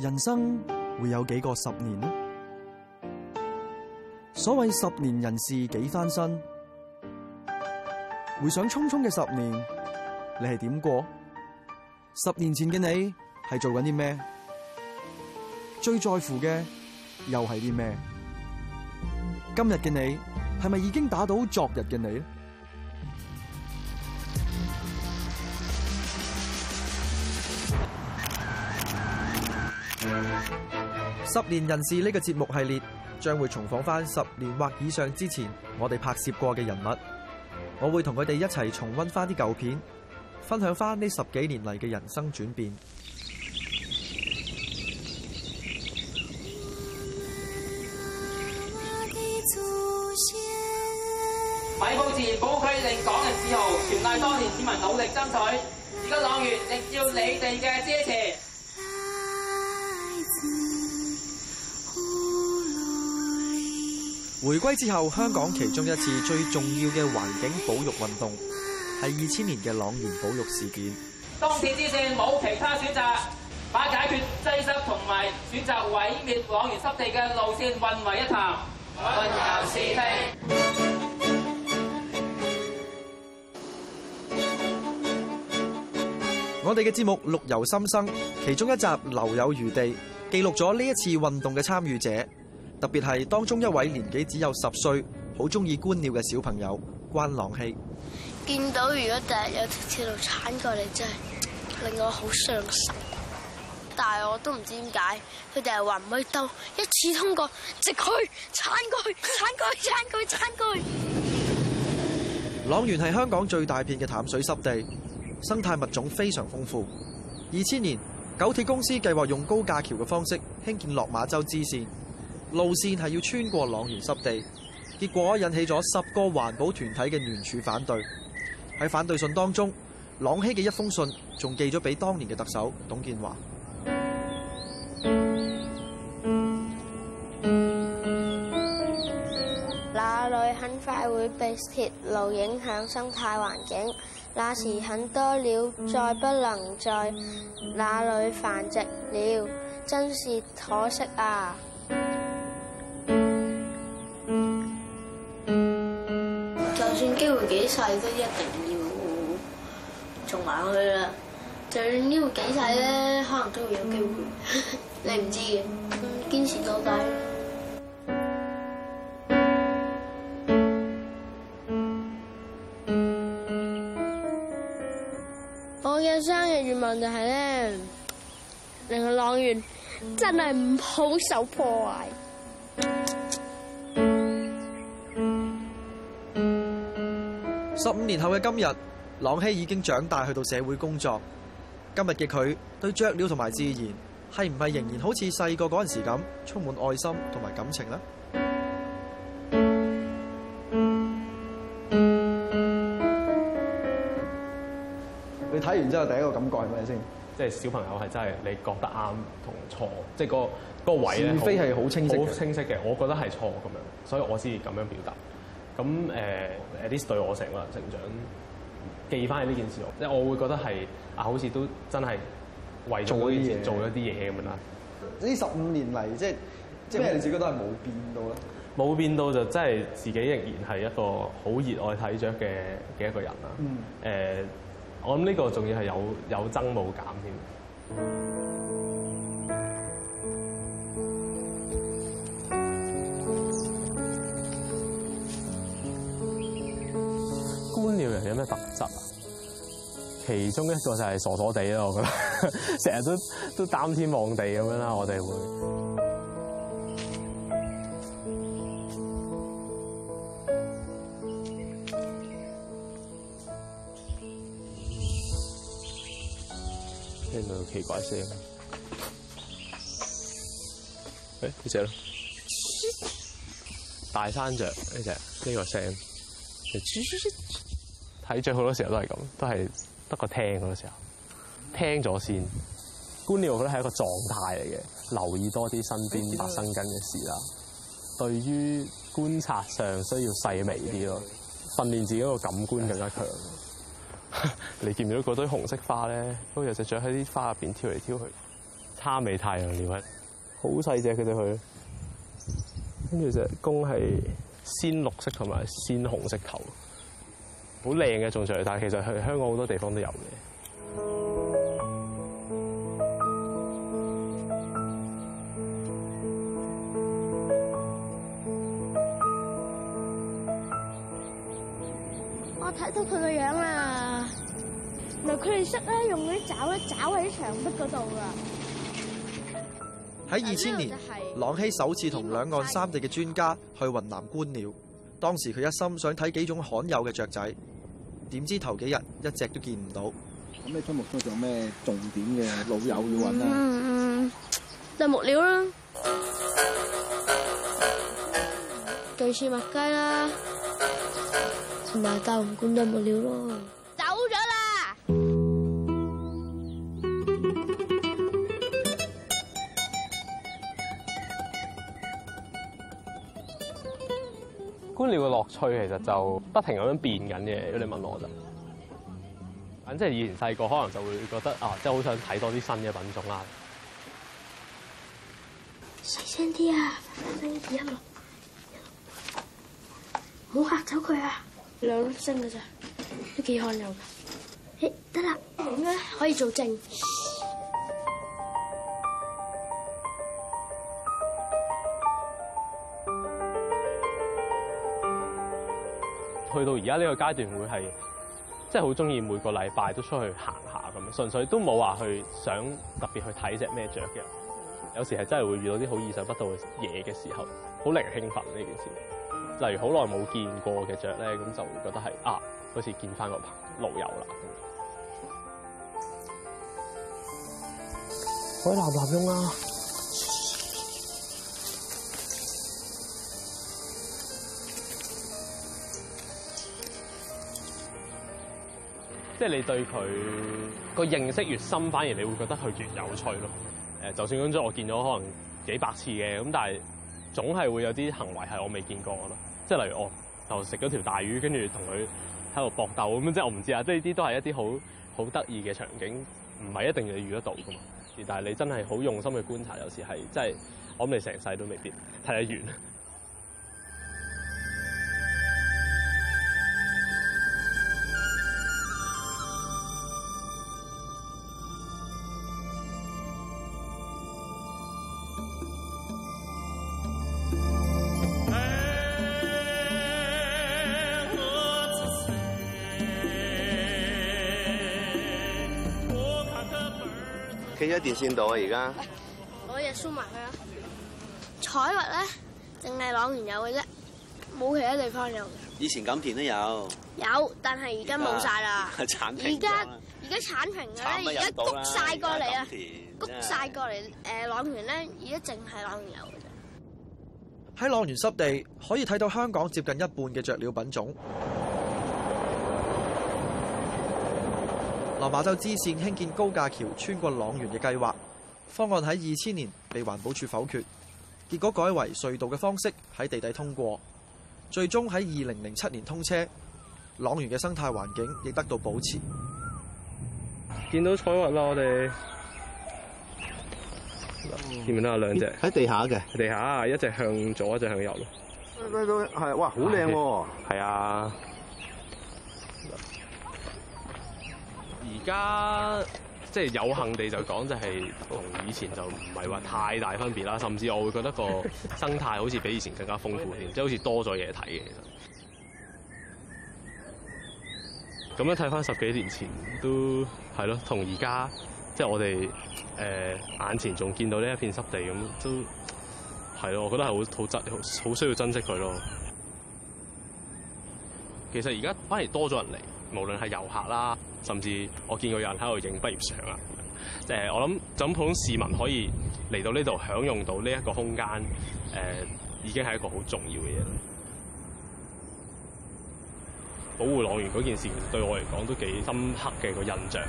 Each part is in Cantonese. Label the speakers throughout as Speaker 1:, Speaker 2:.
Speaker 1: 人生會有幾個十年呢？所謂十年人事幾翻身，回想匆匆嘅十年，你係點過？十年前嘅你係做緊啲咩？最在乎嘅又係啲咩？今日嘅你係咪已經打倒昨日嘅你？十年人事呢個節目系列將會重訪翻十年或以上之前我哋拍攝過嘅人物，我會同佢哋一齊重温翻啲舊片，分享翻呢十幾年嚟嘅人生轉變。
Speaker 2: 米埔自
Speaker 3: 然保護區令港人自豪，全賴當年市民努力爭取，而家塱
Speaker 4: 原亦要你哋嘅支持。
Speaker 1: 回歸之後，香港其中一次最重要嘅環境保育運動，係二千年嘅塱原保育事件。
Speaker 4: 當時之線冇其他選擇，把解決擠塞，同埋選擇毀滅塱原濕地嘅路綫混為一談。
Speaker 2: 混淆視
Speaker 4: 聽。
Speaker 1: 我哋嘅節目《綠由心生》，其中一集留有餘地，記錄咗呢一次運動嘅參與者。特別係當中一位年紀只有十歲，好中意觀鳥嘅小朋友關朗曦
Speaker 2: 見到，如果第日有條鐵路鏟過嚟，真係令我好傷心。但係我都唔知點解，佢哋係話唔可以鬥一次通過，直去鏟過去，鏟過去，鏟過去，鏟過去。
Speaker 1: 塱原係香港最大片嘅淡水濕地，生態物種非常豐富。二千年，九鐵公司計劃用高架橋嘅方式興建落馬洲支線。路線係要穿過塱原濕地，結果引起咗十個環保團體嘅聯署反對。喺反對信當中，朗曦嘅一封信仲寄咗俾當年嘅特首董建華。
Speaker 2: 那裡很快會被鐵路影響生態環境，那時很多鳥再不能在那裡繁殖了，真是可惜啊！幾世都一定要做埋去啦，就算呢個幾世咧，可能都會有機會。你唔知嘅，堅持到底。我嘅生日願望就係咧，令我塱原真係唔好受破壞。
Speaker 1: 十五年後嘅今日，朗曦已經長大，去到社會工作。今日嘅佢，對雀鳥同埋自然，係唔係仍然好似細個嗰陣時咁，充滿愛心同埋感情呢？你睇完之後第一個感覺係乜嘢先？
Speaker 4: 即係小朋友係真係你覺得啱同錯，即係個個位咧，是非係好清晰嘅，好清晰嘅。我覺得係錯咁樣，所以我先咁樣表達。咁誒，at least 對我成個人成長記翻起呢件事，我，我會覺得係啊，好似都真係為咗呢做咗一啲嘢咁樣啦。
Speaker 1: 呢十五年嚟，即係係，咩？即你自己都係冇變到啦。
Speaker 4: 冇變到就真係自己仍然係一個好熱愛睇雀嘅嘅一個人啦。誒、嗯呃，我諗呢個仲要係有有增冇減添。其中一個就係傻傻地啦，我覺得，成日都都擔天望地咁樣啦，我哋會聽到奇怪聲。誒、欸，你寫咯，大山雀呢隻呢個聲，吱吱吱睇咗好多時候都係咁，都係得個聽嗰個時候，聽咗先觀念，我覺得係一個狀態嚟嘅，留意多啲身邊發生緊嘅事啦。對於觀察上需要細微啲咯，訓練自己個感官更加強。的 你見唔見到嗰堆紅色花咧？有隻雀喺啲花入邊挑嚟挑去，叉尾太陽鳥啊！好細隻佢哋，去跟住隻公係鮮綠色同埋鮮紅色頭。好靚嘅種植，但係其實去香港好多地方都有嘅。
Speaker 2: 我睇到佢個樣啦，咪佢哋識咧用啲爪咧爪喺牆壁嗰度噶。
Speaker 1: 喺二千年，朗曦首次同兩岸三地嘅專家去雲南觀鳥。當時佢一心想睇幾種罕有嘅雀仔，點知頭幾日一隻都見唔到。咁你出木村仲有咩重點嘅老友要揾啊？嗯嗯，
Speaker 2: 就木料啦，巨翅麥雞啦，同埋大紅冠木料咯。
Speaker 4: 觀鳥嘅樂趣其實就不停咁樣變緊嘅。如果你問我就，反即係以前細個可能就會覺得啊，即係好想睇多啲新嘅品種啦。
Speaker 2: 細聲啲啊，一啲音樂，唔好吓走佢啊。兩聲噶咋，都幾罕有。誒，得啦，咁啊的，可以
Speaker 1: 做證。
Speaker 4: 去到而家呢個階段會係，即係好中意每個禮拜都出去行下咁，純粹都冇話去想特別去睇隻咩雀嘅。有時係真係會遇到啲好意想不到嘅嘢嘅時候，好令人興奮呢件事。例如好耐冇見過嘅雀咧，咁就會覺得係啊，好似見返個老友啦。
Speaker 1: 海南白胸啦。
Speaker 4: 即係你對佢個認識越深，反而你會覺得佢越有趣咯。誒，就算咁樣，我見咗可能幾百次嘅咁，但係總係會有啲行為係我未見過嘅。即係例如我就食咗條大魚，跟住同佢喺度搏鬥咁。即係我唔知啊，即係呢啲都係一啲好好得意嘅場景，唔係一定要遇得到嘅嘛。而但係你真係好用心去觀察，有時係即係我未成世都未必睇得完。
Speaker 3: 電線度啊！而家
Speaker 2: 我嘢收埋去啊。彩物咧，淨係塱原有嘅啫，冇其他地方有。
Speaker 3: 以前錦田都有。
Speaker 2: 有，但係而家冇晒啦。
Speaker 3: 而家
Speaker 2: 而家鏟平啦，而家谷晒過嚟啊！
Speaker 3: 谷晒
Speaker 2: 過嚟，誒，塱原咧，而家淨係塱原有嘅
Speaker 1: 啫。喺塱原濕地可以睇到香港接近一半嘅雀鳥品種。落馬洲支線興建高架橋穿過塱原嘅計劃，方案喺二千年被環保署否決，結果改為隧道嘅方式喺地底通過，最終喺二零零七年通車，塱原嘅生態環境亦得到保持。見到彩雀啦，我哋
Speaker 4: 見唔見到兩隻？喺地下嘅，地下一隻向左，一隻向右咯。
Speaker 3: 係哇，好靚喎！係啊。而家
Speaker 4: 即係有幸地就講，就係同以前就唔係話太大分別啦。甚至我會覺得個生態好似比以前更加豐富啲，即係好似多咗嘢睇嘅。其實咁 樣睇翻十幾年前都係咯，同而家即係我哋、呃、眼前仲見到呢一片濕地咁，都係咯，我覺得係好好好需要珍惜佢咯。其實而家反而多咗人嚟，無論係遊客啦。甚至我見過有人喺度影畢業相啊！誒，我諗就咁普通市民可以嚟到呢度享用到呢一個空間，誒，已經係一個好重要嘅嘢啦。保護塱原嗰件事其實對我嚟講都幾深刻嘅個印象。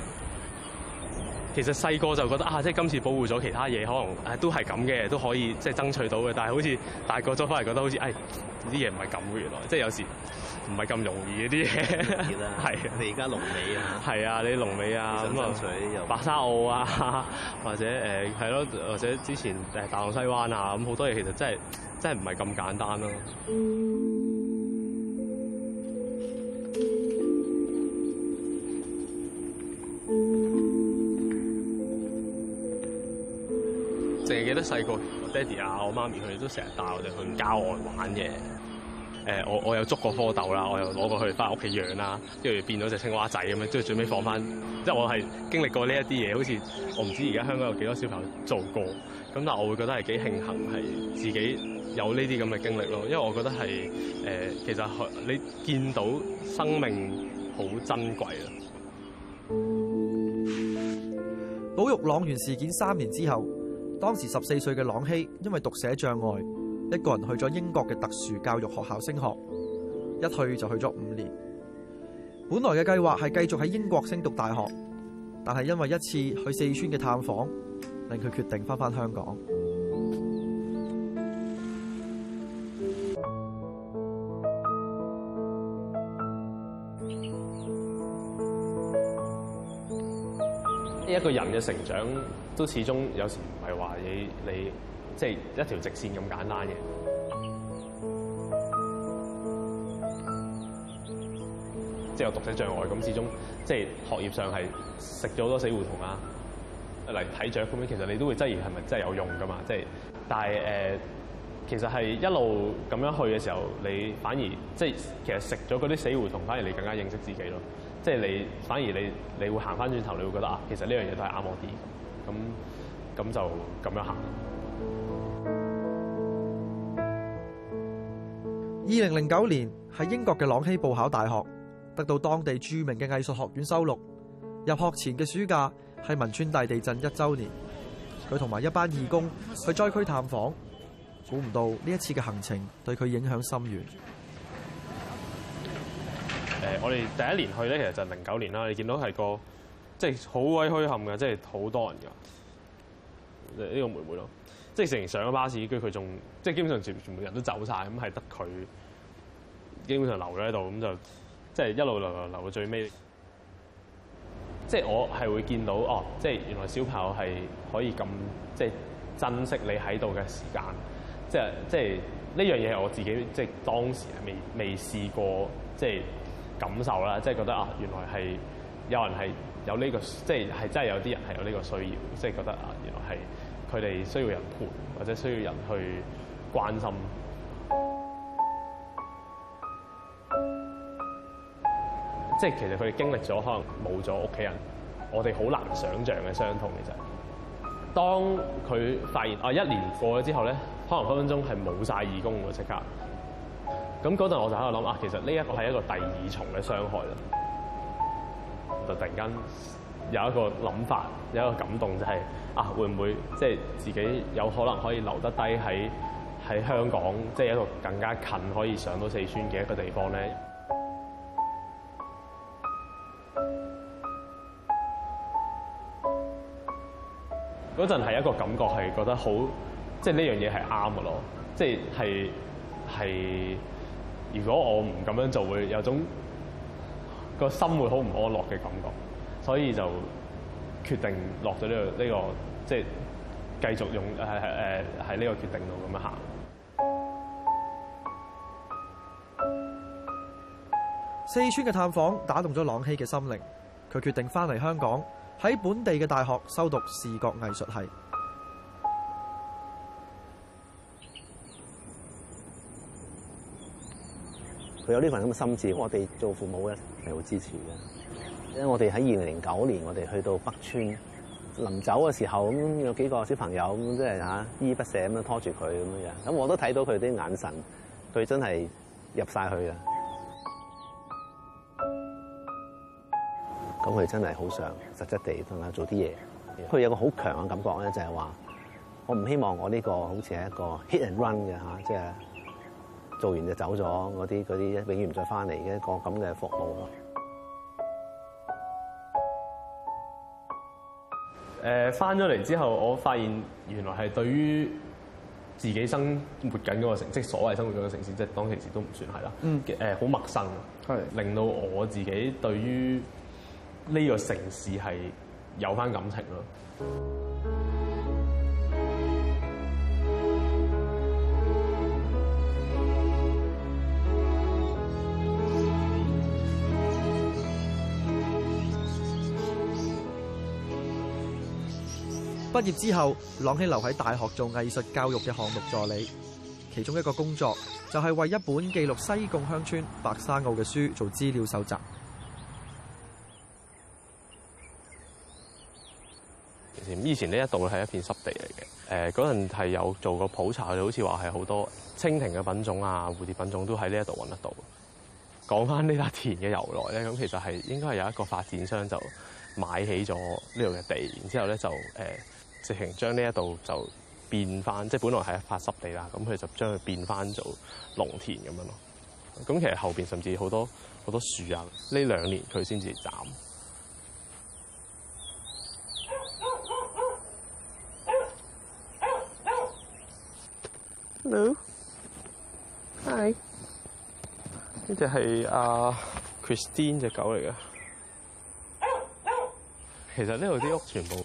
Speaker 4: 其實細個就覺得啊，即係今次保護咗其他嘢，可能誒都係咁嘅，都可以即係爭取到嘅。但係好似大個咗翻嚟，覺得好似誒啲嘢唔係咁嘅。原來即係有時。唔係咁容易嗰啲嘢，係啊！你而家龍尾啊，係 啊！你龍尾啊，咁啊，白沙澳啊，或者誒，係咯，或者之前誒大浪西灣啊，咁好多嘢其實真係真係唔係咁簡單咯，啊。淨 係樂記得細個，我爹哋啊，我媽咪佢哋都成日帶我哋去郊外玩嘅。誒，我我有捉過蝌蚪啦，我又攞過去翻屋企養啦，跟住變咗隻青蛙仔咁樣，即係最尾放翻。即係我係經歷過呢一啲嘢，好似我唔知而家香港有幾多少小朋友做過，咁但係我會覺得係幾慶幸係自己有呢啲咁嘅經歷咯，因為我覺得係誒、呃、其實你見到
Speaker 1: 生命好珍貴啦。保育塱原事件三年之後，當時十四歲嘅朗曦，因為讀寫障礙。一個人去咗英國嘅特殊教育學校升學，一去就去咗五年。本來嘅計劃係繼續喺英國升讀大學，但係因為一次去四川嘅探訪，令佢決定翻返香港。
Speaker 4: 呢一個人嘅成長，都始終有時唔係話你你。你即係一條直線咁簡單嘅，即係有讀寫障礙咁，始終即係學業上係食咗好多死胡同啦。嚟睇雀咁樣，其實你都會質疑係咪真係有用噶嘛？即係，但係誒，其實係一路咁樣去嘅時候，你反而即係其實食咗嗰啲死胡同，反而你更加認識自己咯。即係你反而你你會行翻轉頭，你會覺得啊，其實呢樣嘢
Speaker 1: 都係啱我啲咁咁就咁樣行。二零零九年，喺英國嘅朗曦報考大學，得到當地著名嘅藝術學院收錄。入學前嘅暑假，係汶川大地震一周年。佢同埋一班義工去災區探訪，估唔到呢一次嘅行程對佢影響深遠。
Speaker 4: 呃，我哋第一年去咧，其實就係零九年啦。你見到係個，即係好鬼墟冚嘅，即係好多人嘅。呢、呢個妹妹咯。即係成日上咗巴士，跟住佢仲即係基本上全全部人都走晒，咁係得佢基本上留咗喺度，咁就即係一路留留留到最尾。 即係我係會見到哦，即係原來小朋友係可以咁即係珍惜你喺度嘅時間，即係即係呢樣嘢係我自己即係當時係未未試過即係感受啦，即係覺得啊原來係有人係有呢個即係係真係有啲人係有呢個需要，即係覺得啊原來係。佢哋需要人陪，或者需要人去關心。即係其實佢哋經歷咗可能冇咗屋企人，我哋好難想象嘅傷痛其實。當佢發現啊，一年過咗之後咧，可能分分鐘係冇晒義工喎，即刻。咁嗰陣我就喺度諗啊，其實呢一個係一個第二重嘅傷害啦。就突然間有一個諗法，有一個感動，就係、是。啊，會唔會即係自己有可能可以留得低喺喺香港，即係一個更加近可以上到四川嘅一個地方咧？嗰陣係一個感覺，係覺得好，即係呢樣嘢係啱嘅咯。即係係，如果我唔咁樣做，會有種個心會好唔安樂嘅感覺，所以就。決定落咗呢、呢個呢、呢個，即係繼續用係係喺呢個決定度咁樣行。
Speaker 1: 四川嘅探訪打動咗朗曦嘅心靈，佢決定翻嚟香港喺本地嘅大學修讀視覺藝術系。佢 有呢份咁嘅心志，我哋
Speaker 3: 做父母嘅係好支持嘅。因為我哋喺二零零九年，我哋去到北川，臨走嘅時候，咁有幾個小朋友咁，即係吓依依不捨咁樣拖住佢咁樣樣。咁我都睇到佢啲眼神，佢真係入晒去啊。咁佢真係好想實質地同佢做啲嘢，佢有個好強嘅感覺咧，就係話：「我唔希望我呢個好似係一個 hit and run 嘅吓，即係做完就走咗，嗰啲嗰啲永遠唔再翻嚟嘅一個咁嘅服務。」咯。
Speaker 4: 誒，返咗嚟之後，我發現原來係對於自己生活緊嗰個城，即係所謂生活緊嘅城市，即係當其時都唔算係啦。誒、嗯，好、呃、陌生啊，是令到我自己對於呢個城市係有返感情咯。
Speaker 1: 畢業之後，朗曦留喺大學做藝術教育嘅項目助理。其中一個工作就係、是、為一本記錄西貢鄉村白沙澳嘅書做資料搜集。
Speaker 4: 以前呢一度係一片濕地嚟嘅，誒，嗰陣係有做過普查，好似話係好多蜻蜓嘅品種啊、蝴蝶品種都喺呢一度揾得到。講翻呢笪田嘅由來咧，咁其實係應該係有一個發展商就買起咗呢度嘅地，然之後咧就誒。呃直情將呢一度就變翻，即係本來係一塊濕地啦。咁佢就將佢變翻做農田咁樣咯。咁其實後邊甚至好多好多樹啊，呢兩年佢先至斬。
Speaker 2: Hello，hi，
Speaker 4: 呢隻係啊 Christine 隻狗嚟㗎。其實呢度啲屋全部，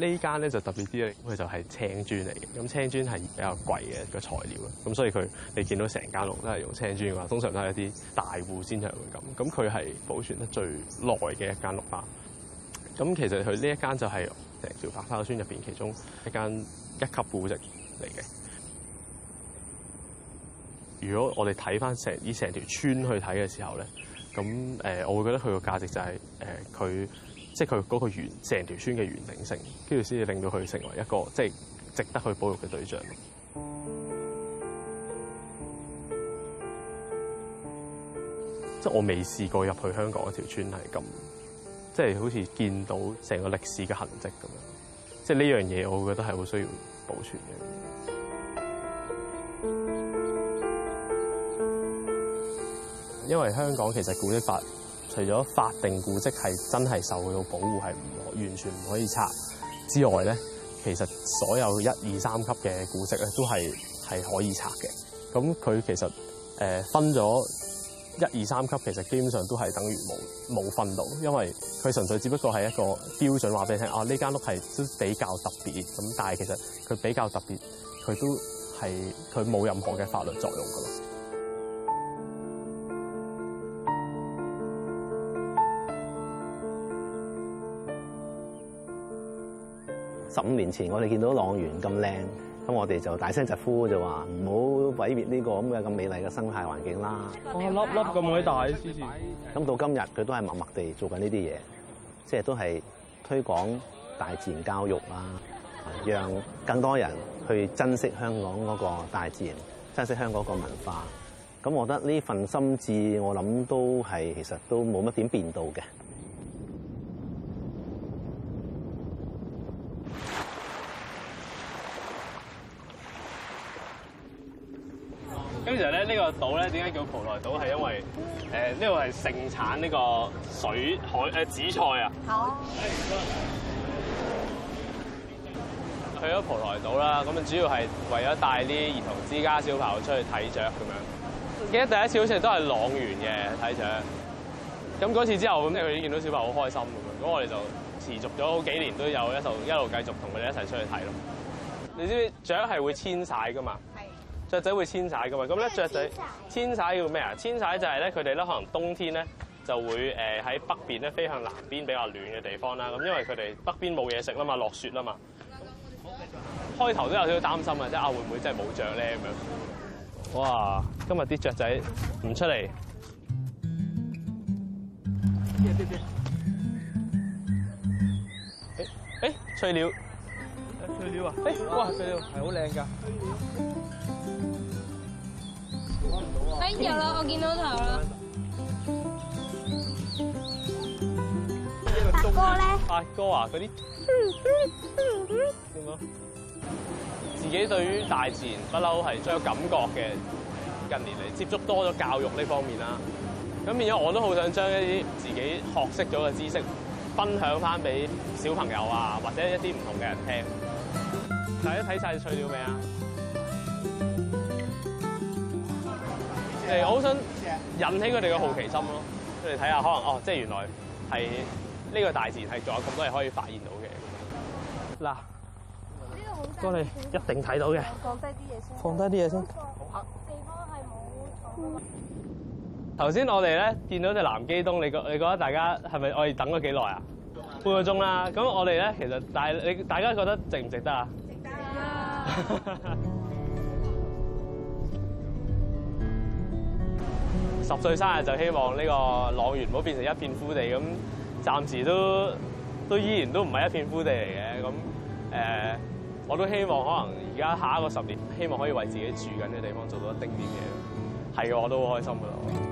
Speaker 4: 呢間咧就特別啲，佢就係青磚嚟嘅。咁青磚係比較貴嘅個材料啊，咁所以佢你見到成間屋都係用青磚嘅話，通常都係一啲大戶先係會咁。咁佢係保存得最耐嘅一間屋啦。咁其實佢呢一間就係成條白沙村入邊其中一間一級古蹟嚟嘅。如果我哋睇翻成以成條村去睇嘅時候咧，咁誒，我會覺得佢個價值就係誒佢。呃即係佢嗰個完，成條村嘅完整性，跟住先至令到佢成為一個即係值得去保育嘅對象。 即係我未試過入去香港一條村係咁，即係好似見到成個歷史嘅痕跡咁樣。即係呢樣嘢，我覺得係好需要保存嘅。因為香港其實古蹟法。除咗法定古蹟係真係受到保護係，係唔完全唔可以拆之外咧，其實所有一、二、三級嘅古跡咧都係係可以拆嘅。咁佢其實、呃、分咗一、二、三級，其實基本上都係等於冇冇分到，因為佢純粹只不過係一個標準話俾你聽。啊，呢間屋係都比較特別咁，但係其實佢比較特別，佢都係佢冇任何嘅法律作用噶。
Speaker 3: 十五年前，我哋見到塱原咁靚，咁我哋就大聲疾呼就話唔好毀滅呢個咁嘅咁美麗嘅生態環境啦、哦。粒粒咁偉大，黐線！咁到今日，佢都係默默地做緊呢啲嘢，即係都係推廣大自然教育啦，讓更多人去珍惜香港嗰個大自然，珍惜香港個文化。咁我覺得呢份心志，我諗都係其實都冇乜點變到嘅。
Speaker 4: 島係，因為誒呢度係盛產呢個水海誒、呃、紫菜啊。好
Speaker 3: 吧。
Speaker 4: 去咗蒲陀島蒲台島啦，咁主要係為咗帶啲兒童之家小朋友出去睇雀咁樣。記得第一次好似都係朗曦嘅睇雀。咁嗰次之後咁，即係佢見到小朋友好開心咁樣，咁我哋就持續咗好幾年都有一路一路繼續同佢哋一齊出去睇咯。你知唔知雀係會遷徙噶嘛？雀仔會遷徙㗎嘛，咁咧雀仔遷徙要咩啊？遷徙就係咧佢哋咧可能冬天咧就會誒喺北邊咧飛向南邊比較暖嘅地方啦。咁因為佢哋北邊冇嘢食啦嘛，落雪啦嘛。開頭都有少少擔心啊，即係啊會唔會真係冇雀咧咁樣。嗯、哇！今日啲雀仔唔出嚟。誒誒謝，翠鳥。翠鳥
Speaker 2: 啊！誒，哇！翠鳥
Speaker 4: 係好靚㗎。翠鳥睇、啊哎、有啦，我見到頭啦。八哥咧？八哥啊，嗰啲點啊？自己對於大自然不嬲係最有感覺嘅。近年嚟接觸多咗教育呢方面啦，咁變咗我都好想將一啲自己學識咗嘅知識分享翻俾小朋友啊，或者一啲唔同嘅人聽。大家睇晒曬料未啊？誒，我好想引起佢哋嘅好奇心咯，佢哋睇下可能哦，即係原來係呢個大自然係仲有咁多嘢可以發現到嘅。嗱，呢好，我哋一定睇到嘅。放
Speaker 3: 低啲嘢先。放低啲嘢先。地方係冇。
Speaker 4: 頭先我哋咧見到隻南基東，你覺你覺得大家係咪我哋等咗幾耐啊？嗯，半個鐘啦。咁我哋咧其實大你大家覺得值唔值得啊？值得啊！十歲生日就希望呢個塱原唔好變成一片枯地咁，暫時都都依然都唔係一片枯地嚟嘅咁，誒、呃，我都希望可能而家下一個十年，希望可以為自己住緊嘅地方做到一丁點嘢，係嘅我都好開心嘅啦。